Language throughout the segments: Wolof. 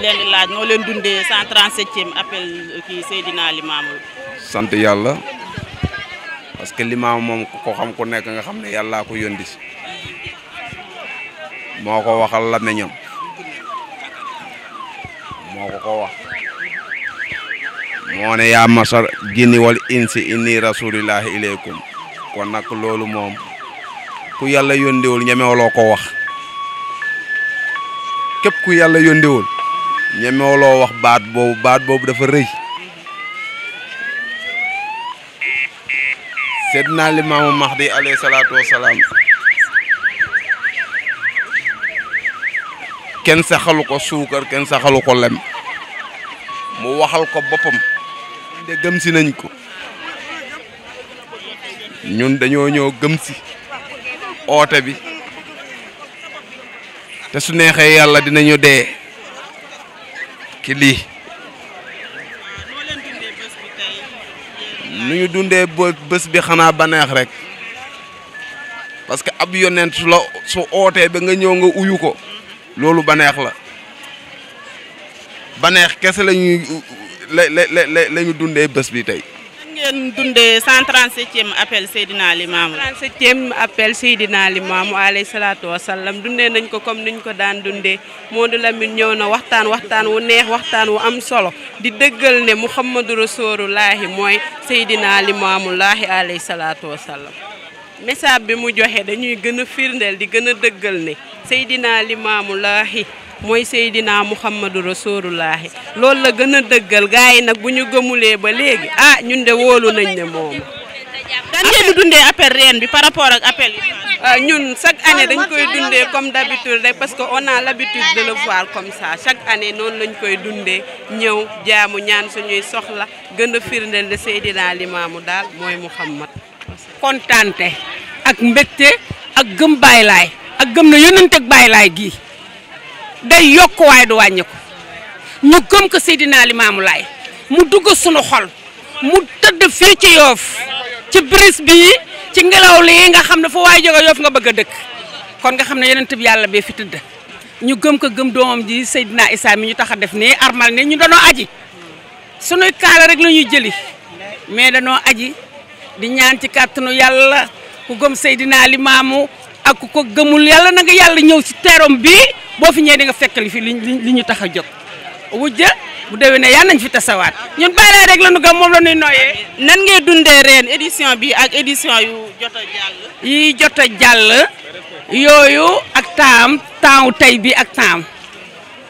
leen di laaj noo leen dundee 137e appel kii Seydina Limamou. sant yàlla parce que limaam moom ko xam ku nekk nga xam ne yàllaa ko yóndi moo waxal la meñam moo ko wax moo ne ya masar jinni wal insi inni rasulillahi ilaykum kon nag loolu moom ku yàlla yóndiwul ñemewuloo ko wax képp ku yàlla yóndiwul ñemewuloo wax baat boobu baat boobu dafa rëy Seydina Limaamu Mahdi alayhi salaatu wasalaam kenn saxalu ko suukar kenn saxalu ko lem mu waxal ko boppam de gëm si nañ ko ñun dañoo ñëw gëm si oote bi te su neexee yàlla dinañu dee ci lii nu ñu dundee bés bi xanaa baneex rek parce que ab yonent su la su ootee ba nga ñëw nga uyu ko loolu baneex la baneex kese la ñuy la la la ñu dundee bës bi tey ngeen dundee 137e appel Seydina Limamou. 137e appel Seydina Limamou alayhi salaatu wa salaam dundee nañ ko comme niñ ko daan dundee Modou Lamine ñëw na waxtaan waxtaan wu neex waxtaan wu am solo di dëggal ne Muhammadu Rasulullahi mooy Seydina Limamou Lahi alayhi salaatu wa salaam. message bi mu joxe dañuy gën a firndeel di gën a dëggal ne Seydina Limamou Lahi. mooy Seydina Muhammadu Rasulullahi loolu la gën a dëggal gars yi nag bu ñu gëmulee ba léegi ah ñun de wóolu nañ ne moom. dan ngeen dundee appel reen bi par rapport ak appel yi. Ah, ñun chaque année dañ koy dundee comme d'habitude rek parce que on a l'habitude de le voir comme ça chaque année noonu lañ koy dundee ñëw jaamu ñaan suñuy soxla gën a firndeel de Seydina Limaamu daal mooy Muhammad. kontaante ak mbégte ak gëm baylaay ak gëm na yónnante ak baylaay gii. day yok way du wàññi ko ñu gëm ko Seydina Limaamu lay mu dugg suñu xol mu tedd fi ci yof ci brise bi ci ngelaw li nga xamne fu way jóge yof nga bëgg dekk kon nga xamne yenen tib yalla be fi tedd ñu gëm ko gëm doom ji sayidina isa mi ñu taxa def ne armal ne ñu dañu aji suñu kala rek la jëli mais dañu aji di ñaan ci kàttanu yalla ku gëm Seydina Limaamu ak ko gëmul yalla na nga yalla ñew ci terom bi boo fi ñëwee di nga fekk li fi li ñu tax a jóg wujja bu déwénee yal nañ fi tasawaat ñun bàyyi rek la ñu gëm moom la ñuy nooyee. nan ngay dundee reen édition bi ak édition yu jot a jàll. jot a jàll yooyu ak taam taamu tey bi ak taam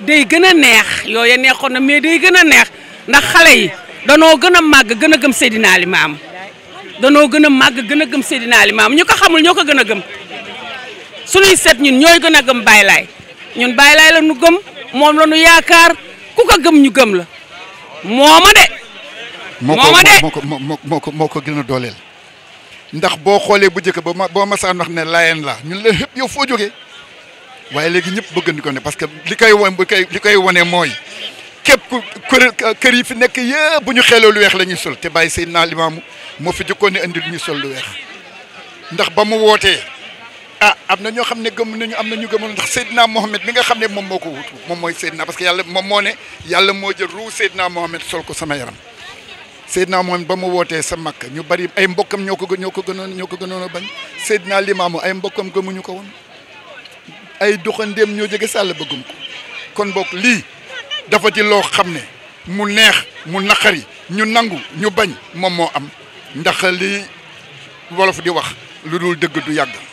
day gën a neex yooyu neexoon na mais day gën a neex ndax xale yi danoo gën a màgg gën a gëm Seydina Limaam danoo gën a màgg gën a gëm Seydina Limaam ñu ko xamul ñoo ko gën a gëm suñuy set ñun ñooy gën a gëm baylaay ñun Baye Laye la ñu gëm moom la yaakaar ku ko gëm ñu gëm la mooma de. moo ko moo ko moo ko gën a dooleel. ndax boo xoolee bu jëkk ba ma boo masaan wax ne laayeen la ñun leen yëpp yow foo jógee waaye léegi ñëpp bëgg ko ne parce que li koy won bu koy li koy wane mooy képp ku kër yi fi nekk yëpp bu ñu xeeloo lu weex la ñuy sol te bàyyi Seydina Limaamu moo fi jëkkoon ne indi lu ñuy sol lu weex ndax ba mu wootee. ah am na ñoo xam ne gëm nañu am na ñu gëmoon ndax naa Mohamed mi nga xam ne moom moo ko wutu moom mooy Seydina parce que yàlla moom moo ne yàlla moo jël ruu Seydina Mohamed sol ko sama yaram naa Mohamed ba mu wootee sa makk ñu bari ay mbokkam ñoo ko ñoo ko gënoon ñoo ko gënoon a bañ Seydina Limaamu ay mbokkam gëmuñu ko woon ay doxandéem ñoo jege sàll bëggum ko kon mbokk lii dafa di loo xam ne mu neex mu naqari ñu nangu ñu bañ moom moo am ndax lii wolof di wax lu dul dëgg du yàgg.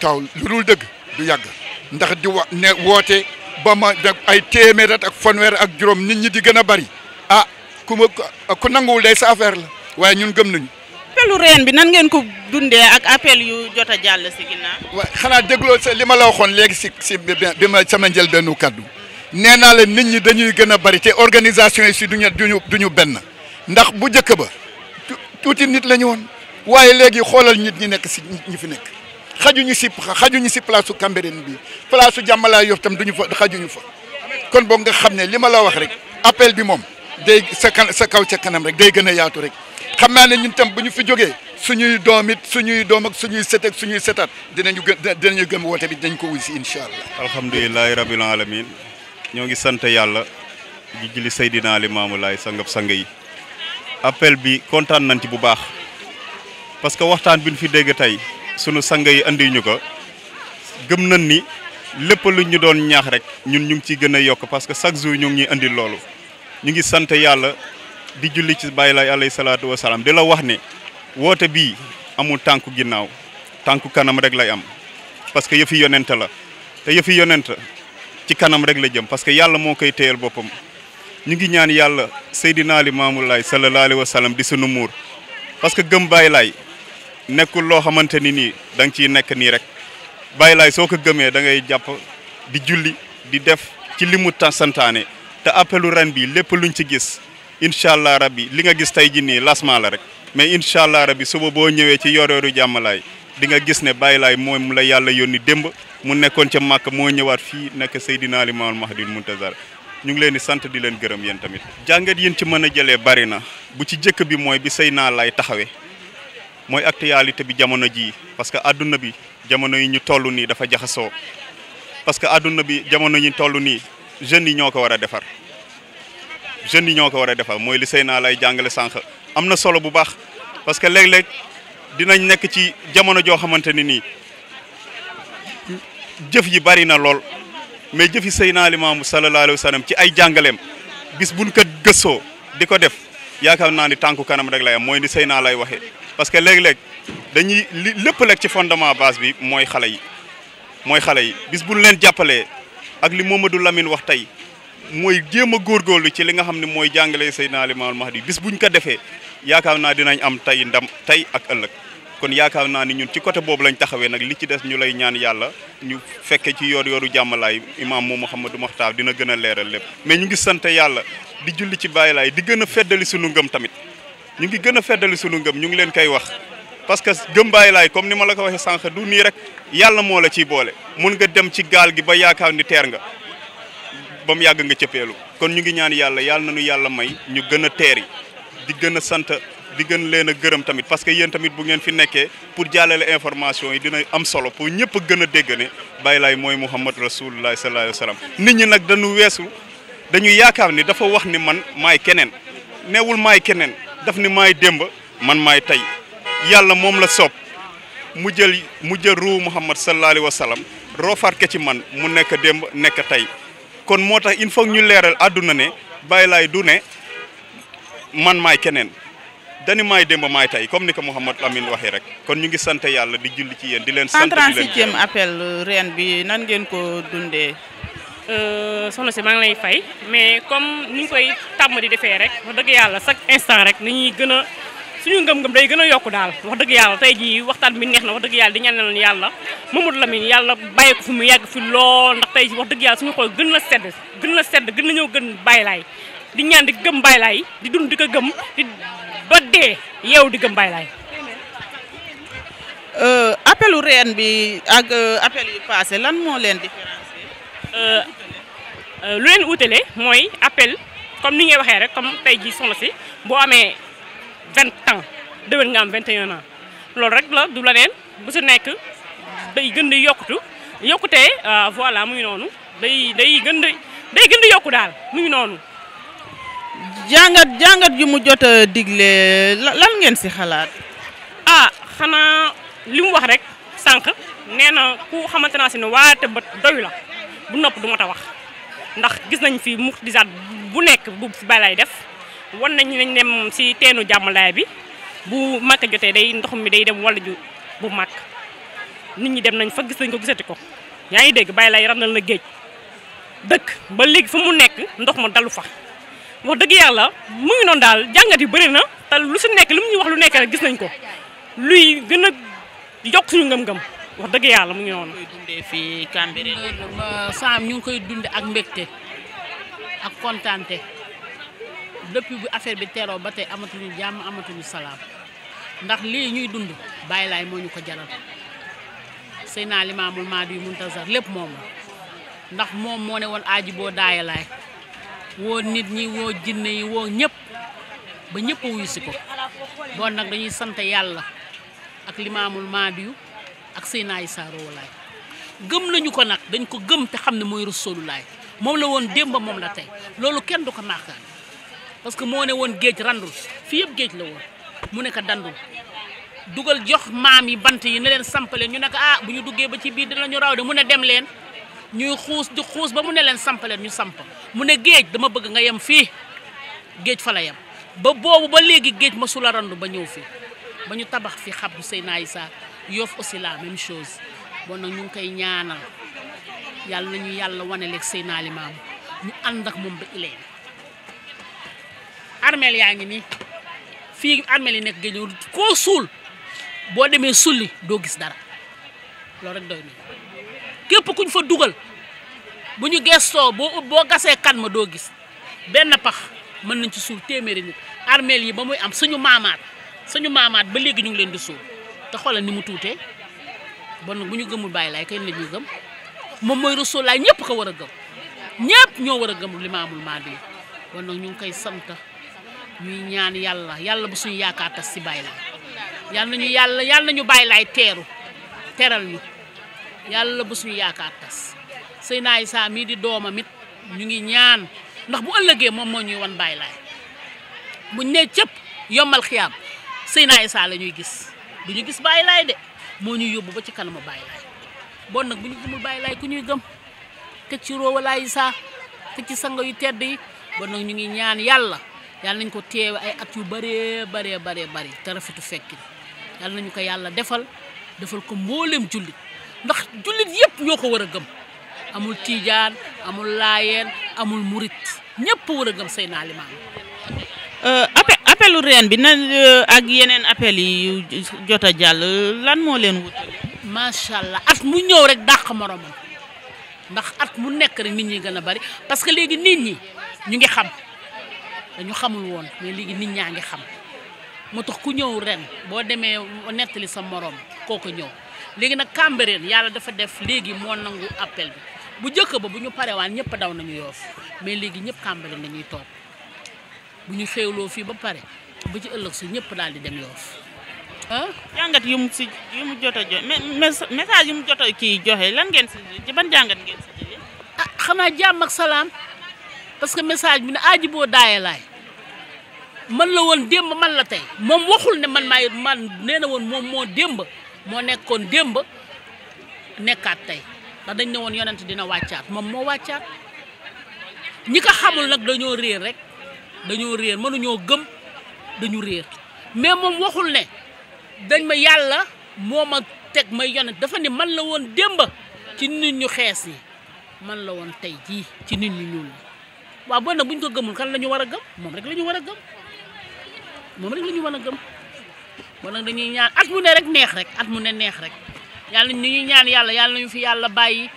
taw lu dul dëgg du yàgg ndax di wa ne woote ba ma ay téeméer ak fanweer ak juróom nit ñi di gën a bari a ah, ku ma ku nanguwul day sa affaire la waaye ñun gëm nañu. appelu reen bi nan ngeen ko dundee ak appel yu jot a jàll si ginnaaw. waaye xanaa dégloo sa li ma la waxoon léegi si si bi ma sama njëlbeenu kaddu nee naa leen nit ñi dañuy gën a bari te organisation yi si duñu duñu duñu benn ndax bu njëkk ba tuuti nit la ñu woon waaye léegi xoolal nit ñi nekk si ñi fi nekk. xajuñu si xajuñu si place su Cambérène bi place su Diamalaye Yoff tam duñu fa xajuñu fa kon boog nga xam ne li ma la wax rek appel bi moom day sa kan sa kaw ca kanam rek day gën a yaatu rek xam naa ne ñun tam bu ñu fi jógee suñuy doom it suñuy doom ak suñuy set ak suñuy setaat dinañu dinañu gëm woote bi dinañ ko wuy si incha allah. alhamdulilah alamin ñoo ngi sant yàlla di jili Seydina Limaamu Laay sangab sang yi appel bi kontaan nañ bu baax parce que waxtaan bi fi dégg tey. sunu sang yi indi ñu ko gëm na ni lépp lu ñu doon ñaax rek ñun ñu ngi ciy gën a yokk parce que chaque jour ñu ñuy andi loolu. ñu ngi sant yàlla di julli ci bàyyi laay alayhi salaatu wa salaam di la wax ne woote bii amul tànku ginnaaw tànku kanam rek lay am parce que yëfi yonent la te yëfi yonent ci kanam rek la jëm parce que yàlla moo koy téyal boppam. ñu ngi ñaan yàlla Seydina Ali Maamulaay sallallahu alayhi wa sallam di sunu muur parce que gëm bàyyi laay nekkul loo xamante ni nii da nga ciy nekk nii rek bàyyi laay soo ko gëmee da ngay jàpp di julli di def ci li mu santaane te appelu ren bi lépp lu luñ ci gis incha allah rabbi li nga gis tey jii nii lasma la rek mais incha allah rabbi suba boo ñëwee ci yorooru jàmmalaay di nga gis ne bàyyi laay moom la yàlla yónni démb mu nekkoon ci màkk moo ñëwaat fii nekk Seydina Limaamul Mahdil Muntazar ñu ngi leen di sant di leen gërëm yéen tamit jàngat yéen ci mën a jëlee bari na bu ci jëkk bi mooy bi Seydina Laay taxawee mooy actualité bi jamono jii parce que àdduna bi jamono yi ñu toll nii dafa jaxasoo parce que àdduna bi jamono yi ñu toll nii jeunes yi ñoo ko war a defar jeunes yi ñoo ko war a defar mooy li Seyna lay jàngale sànq am na solo bu baax parce que léeg-léeg dinañ nekk ci jamono joo xamante ni nii jëf yi bari na lool mais jëfi yi Seyna Limaamu sallallahu alayhi wa ci ay jàngaleem bis buñ ko gëstoo di ko def yaakaar naa ni tànku kanam rek lay mooy ni Seyna lay waxee. parce que léeg-léeg dañuy li lépp lekk ci fondement base bi mooy xale yi mooy xale yi bis bu ñu leen jàppalee ak li moom Mamadou lamin wax tey mooy jéem a góorlu ci li nga xam ne mooy jàngale Seydina Limamul di bis bu buñ ko defee yaakaar naa dinañ am tey ndam tey ak ëllëg kon yaakaar naa ni ñun ci côté boobu lañ taxawee nag li ci des ñu lay ñaan yàlla ñu fekke ci yoor yooru jàmmalaay imaam moom Mouhamadou Makhtar dina gën leeral lépp mais ñu ngi sant yàlla di julli ci bàyyi di gën a feddali sunu ngëm tamit ñu ngi gën a feddali sunu ngëm ñu ngi leen koy wax parce que gëm bàyyi laay comme ni ma la ko waxee sànq du rek yàlla moo la ciy boole mun nga dem ci gaal gi ba yaakaar ni teer nga ba mu yàgg nga cëppeelu kon ñu ngi ñaan yàlla yàlla na nu yàlla may ñu gën a teer yi di gën a sant di gën leen a gërëm tamit parce que yéen tamit bu ngeen fi nekkee pour jàllale information yi dina am solo pour ñëpp a gën a dégg ne bàyyi laay mooy Muhammad rasulullah sallallahu alayhi wa sallam nit ñi nag dañu weesu dañu yaakaar ni dafa wax ni man maay keneen neewul maay keneen daf ni maay démb man maay tey yàlla moom la soob mu jël mu jël ruu Muhammad sallallahu alayhi wa sallam ci man mu nekk démb nekk tey kon moo tax il faut ñu leeral àdduna ne bàyyi laay du ne man maay keneen dani maay démb maay tey comme ni ko Mouhamad Lamine waxee rek kon ñu ngi sant yàlla di julli ci yéen di leen sant di leen 138 appel euh, ren bi nan ngeen ko dundee Euh, soxna si maa ngi lay fay mais comme ni ñu koy tàmm di defee rek wax dëgg yàlla chaque instant rek ni ñuy gën a suñu ngëm-ngëm day gën a yokku daal wax dëgg yàlla tey jii waxtaan bi neex na wax dëgg yàlla di ñaanal yàlla Mamadou Lamine yàlla bàyyi ko mu yàgg fi lool ndax wax dëgg yàlla suñu xol gën na sedd gën na sedd gën na ñëw gën bàyyi laay di ñaan di gëm bay laay di dund di ko gëm di ba dee yeew di gëm bàyyi laay euh, appelu reen bi ak euh, appel yi lan moo leen di Euh, euh, lu leen utale mooy appel comme ni ngay waxee rek comme tey jii soxna si boo amee vingt ans déwén nga am vingt un ans loolu rek la du la neen bu su nekk day gën di yokkutu yokkutee euh, voilà mu ngi noonu day day gën di day gën yokku daal mu ngi noonu jàngat jàngat yu mu jot a digle lan ngeen si xalaat ah xanaa li mu wax rek sànq nee na ku xamante naa si ne waate ba doy la bu nopp du ma ta wax ndax gis nañ fi muxdisaat bu nekk bu fi lay def wan nañ nañ dem si teenu jàmmalaay bi bu màkk jotee day ndox mi day dem walla ju bu màkk nit ñi dem nañ fa gis nañ ko gisati ko yaa ngi dégg bàyyi lay randal na géej dëkk ba léegi fa mu nekk ndox ma dalu fa wax dëgg yàlla mu ngi noonu daal jàngat yu bëri na te lu si nekk li mu ñuy wax lu nekk gis nañ ko luy gën a yokk suñu ngëm-ngëm wax dëgg yàlla mu ngi koy dundee fii Cambérène. Euh, Sam ñu ngi koy dundee ak mbégte ak kontaante depuis bu affaire bi teeroo ba tey amatuñu jàmm amatuñu salaam ndax lii ñuy dund bàyyi moo ñu ko jalal sëy naa limaamul maadu yu muntazar lépp moom ndax moom moo ne woon aaji boo daaya laay woo nit ñi woo jinne yi woo ñëpp ba ñëpp wuyusi ko bon nag dañuy sant yàlla ak limaamul maadu ak Seydina Issa Rouhou Laye gëm nañu ko nag dañ ko gëm te xam ne mooy Rasulullaay moom la woon démb moom la tey loolu kenn du ko maakaan parce que moo ne woon géej randul fii yëpp géej la woon mu ne ko dandul dugal jox maam yi bant yi ne leen sampale ñu ne ah bu ñu duggee ba ci biir dina ñu raw de mu ne dem leen ñuy xuus di xuus ba mu ne leen sampaleen ñu samp mu ne géej dama bëgg nga yem fii géej fa la yem ba boobu ba léegi géej ma sula la randu ba ñëw fii ba ñu tabax fi xabdu Seydina Issa Yoff aussi la même chose nag ñu ngi koy ñaanal yàlla nañu yàlla wane lekk Seydina Limaamu ñu ànd ak moom ba ileen armeel yaa ngi nii fii armeel yi nekk géej koo suul boo demee sulli doo gis dara loolu rek doy na képp kuñ fa dugal bu ñu gestoo boo boo gasee kan ma doo gis benn pax mën nañ ci suul téeméeri nit armeel yi ba muy am suñu maamaat suñu maamaat ba léegi ñu ngi leen di suul te xoolal ni mu tuutee bon bu ñu gëmul bàyyi laay kay la ñu gëm moom mooy rasulaay ñëpp ko war a gëm ñëpp ñoo war a gëm limaamul mahdi bon nag ñu ngi koy sant ñuy ñaan yàlla yàlla bu suñu yaakaar tas si bàyyi laay yàlla nañu yàlla yàlla nañu bàyyi laay teeru teral ñu yàlla bu suñu yaakaar tas naa Isaa mii di doomam ñu ngi ñaan ndax bu ëllëgee moom moo ñuy wan bàyyi laay buñ ne cëpp yombal xiyaam sëy naa Isaa la ñuy gis du ñu gis bàyyi laay de moo ñuy yóbbu ba ci kanamu bàyyi laay bon nag bu ñu gëmul bàyyi laay ku ñuy gëm teg ci roowalaay saa teg ci sanga yu tedd yi bon nag ñu ngi ñaan yàlla yàlla nañ ko teewe ay at yu bëree bare baree bëri te rafetu fekki yàlla nañu ko yàlla defal defal ko mbooleem jullit ndax jullit yëpp ñoo ko war a gëm amul tiijaan amul laayeen amul murit ñëpp war a gëm Seydina Limaamu euh, appelu reen bi na euh, ak yeneen appel yi jot a jàll lan moo leen wutal macha allah at mu ñëw rek dàq moromam ndax at mu nekk rek nit ñi gën bari parce que léegi nit ñi ñu ngi xam dañu xamul woon mais léegi nit ñaa ngi xam moo tax ku sa morom dafa def nangu appel bi bu ba ñëpp daw nañu yoof mais ñëpp dañuy bu ñu xéewloo fii ba pare ba ci ëllëg su ñëpp daal di dem Yoff ah jàngat yu mu si yu mu jot a joxe yu mu jot a joxe lan ngeen si ban jàngat ngeen ah, xanaa jàmm ak salaam parce que message bi ne aaji boo daaye laay man la woon démb man la tey moom waxul ne man maay man nee na woon moom moo démb moo nekkoon démb nekkaat tey ndax dañ ne woon yonant dina wàccaat moom moo wàccaat ñi ko xamul nag dañoo réer rek dañoo réer mënuñoo gëm dañu réer mais moom waxul ne dañ ma yàlla moo ma teg may yonent dafa ne man la woon démba ci nit ñu xees yi man la woon tey jii ci nit ñu ñuul ñi waaw bon nag bu ñu ko gëmul kan la ñu war a gëm moom rek la ñu war a gëm moom rek la ñu war a gëm bon nag dañuy ñaan at mu ne rek neex rek at mu ne neex rek yàlla ñu ñuy ñaan yàlla yàlla nañu fi yàlla bàyyi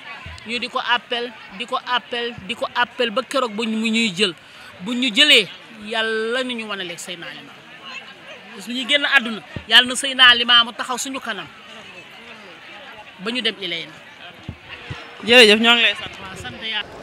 ñu di ko appel di ko appel di ko appel ba keroog ba mu ñuy jël bu ñu jëlee yàlla ni ñu wanaleeg Seydina Limaamu su ñuy génn àdduna yàlla na sëy Seydina Limaamu taxaw suñu kanam ba ñu dem Ilayna. jërëjëf ñoo ngi lay sant. yàlla.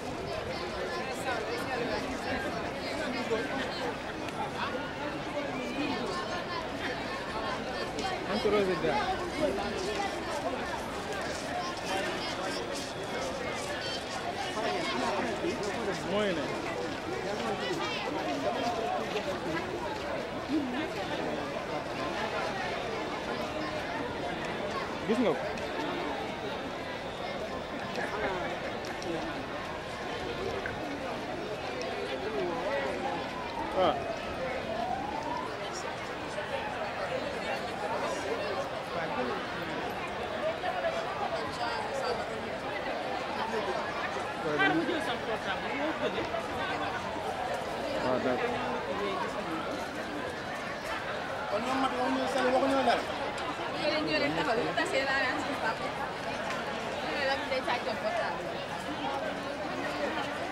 Bismarck. Thank you.